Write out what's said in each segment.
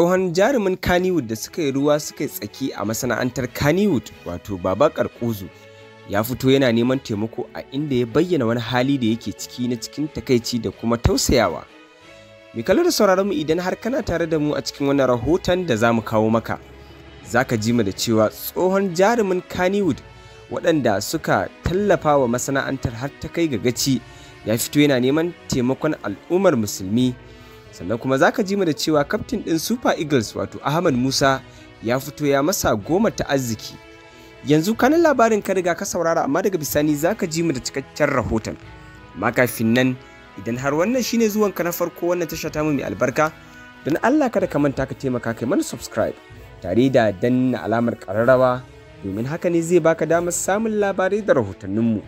tsohon jarumin kannywood da suka yi ruwa suka yi tsaki a masana'antar kannywood wato baba karkuzu ya fito yana neman taimako a inda ya bayyana wani hali da yake ciki na cikin takaici da kuma tausayawa mai kallo da sauraron mu idan har kana tare da mu a cikin wannan rahoton da za mu kawo maka za ka ji mu da cewa tsohon jarumin kannywood waɗanda suka tallafa wa masana'antar har ta kai ga gaci ya fito yana neman taimakon al'ummar musulmi sannan kuma za ka ji mu da cewa kaftin ɗin super eagles wato ahmad musa ya fito ya masa goma ta arziki yanzu kanin labarin ka riga ka saurara amma daga bisani za ka ji mu da cikakken rahoton amma kafin nan idan har wannan shine zuwan ka na farko wannan tasha ta mu mai albarka don allah kada ka manta ka taimaka kai mana subscribe tare da danna alamar kararrawa domin haka ne zai baka damar samun labarai da rahotanninmu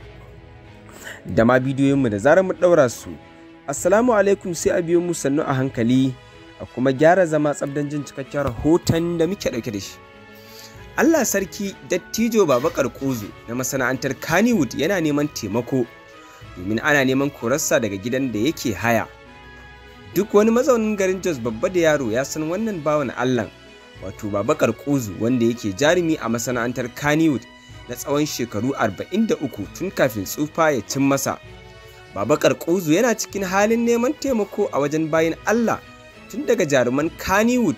da ma bidiyoyinmu da zarar mu ɗaura su Assalamu alaikum sai a biyo mu sannu a hankali a kuma gyara zama tsabdan jin cikakken rahoton da muke ɗauke da shi. Allah sarki dattijo Baba Karkozo na masana'antar Kannywood yana neman taimako domin ana neman korarsa daga gidan da yake haya. Duk wani mazaunin garin Jos babba da yaro ya san wannan bawan Allah wato Baba Karkozo wanda yake jarumi a masana'antar Kannywood na tsawon shekaru 43 tun kafin tsufa ya cin masa. Babakar Kuzu yana cikin halin neman taimako a wajen bayan Allah tun daga jaruman Kannywood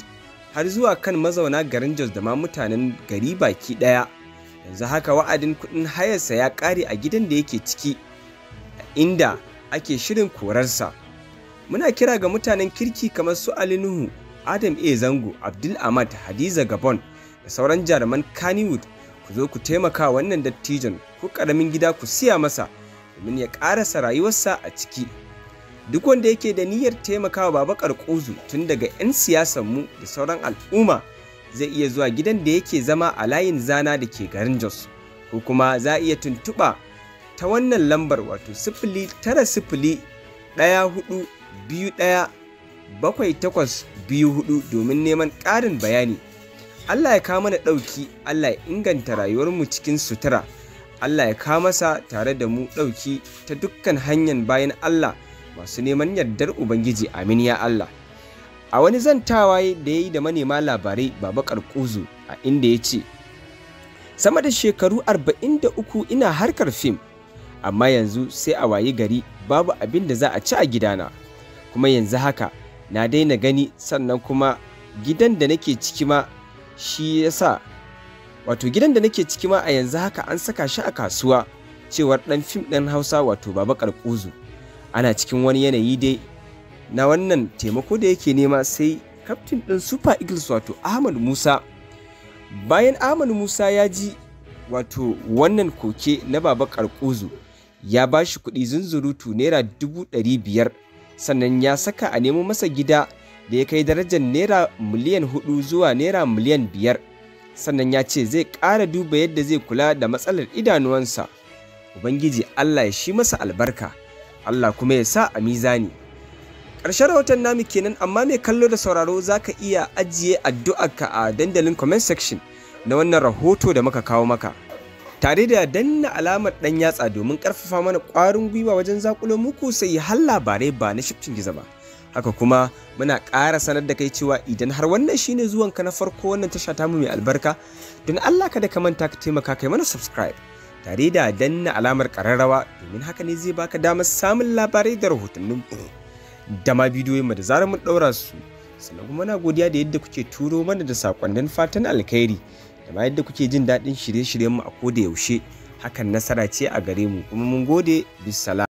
har zuwa kan mazauna garin Jos da ma mutanen gari baki ɗaya. Yanzu haka wa'adin kuɗin hayarsa ya ƙare a gidan da yake ciki, inda ake shirin korarsa. Muna kira ga mutanen kirki kamar su Ali Nuhu, Adam A. Zango, Abdul Ahmad, Hadiza Gabon da sauran jaruman Kannywood ku zo ku taimaka wannan dattijon ko ƙaramin gida ku siya masa. domin ya ƙarasa rayuwarsa a ciki duk wanda yake da niyyar taimakawa baba karkozu tun daga 'yan siyasanmu da sauran al'umma zai iya zuwa gidan da yake zama a layin zana da ke garin jos ko kuma za a iya tuntuɓa ta wannan lambar wato sifili tara sifili ɗaya hudu biyu ɗaya bakwai takwas biyu hudu domin neman ƙarin bayani allah ya kawo mana ɗauki allah ya inganta rayuwarmu cikin sutura Allah ya kamasa masa tare da mu ɗauki ta dukkan hanyar bayan Allah masu neman yardar Ubangiji amin ya Allah. A wani zan zantawa da ya yi da manema labarai Baba ƙarƙuzu a inda ya ce, Sama da shekaru arba'in da uku ina harkar fim, amma yanzu sai a wayi gari babu abin da za a ci a gidana, kuma yanzu haka na daina gani sannan kuma gidan da nake ciki ma shi yasa wato gidan da nake ciki ma a yanzu haka an saka shi a kasuwa cewar dan fim ɗin hausa wato baba karkuzu ana cikin wani yanayi dai na wannan taimako da yake nema sai kaftin ɗin super eagles wato ahmad musa bayan ahmad musa ya ji wato wannan koke na baba karkuzu ya ba shi kuɗi zunzurutu naira dubu ɗari biyar sannan ya saka a nemo masa gida da ya kai darajar naira miliyan hudu zuwa naira miliyan biyar sannan ya ce zai ƙara duba yadda zai kula da matsalar idanuwansa ubangiji allah ya shi masa albarka allah kuma ya sa a mizani ƙarshen rahoton namu kenan amma mai kallo da sauraro za ka iya ajiye addu'arka a dandalin comment section na wannan rahoto da muka kawo maka tare da danna alamar ɗan yatsa domin ƙarfafa mana ƙwarin gwiwa wajen zakulo muku sai har labarai ba na shifcin gizo ba haka kuma muna ƙara sanar da kai cewa idan har wannan shine zuwanka na farko wannan tasha ta mu mai albarka don Allah kada ka manta ka taimaka kai mana subscribe tare da danna alamar ƙararrawa domin haka ne zai baka damar samun labarai da rahotannin da ma bidiyoyin da zarar mun ɗaura su sannan kuma muna godiya da yadda kuke turo mana da sakonnin fatan alkhairi da ma yadda kuke jin daɗin shirye shiryen mu a koda yaushe hakan nasara ce a gare mu kuma mun gode bisala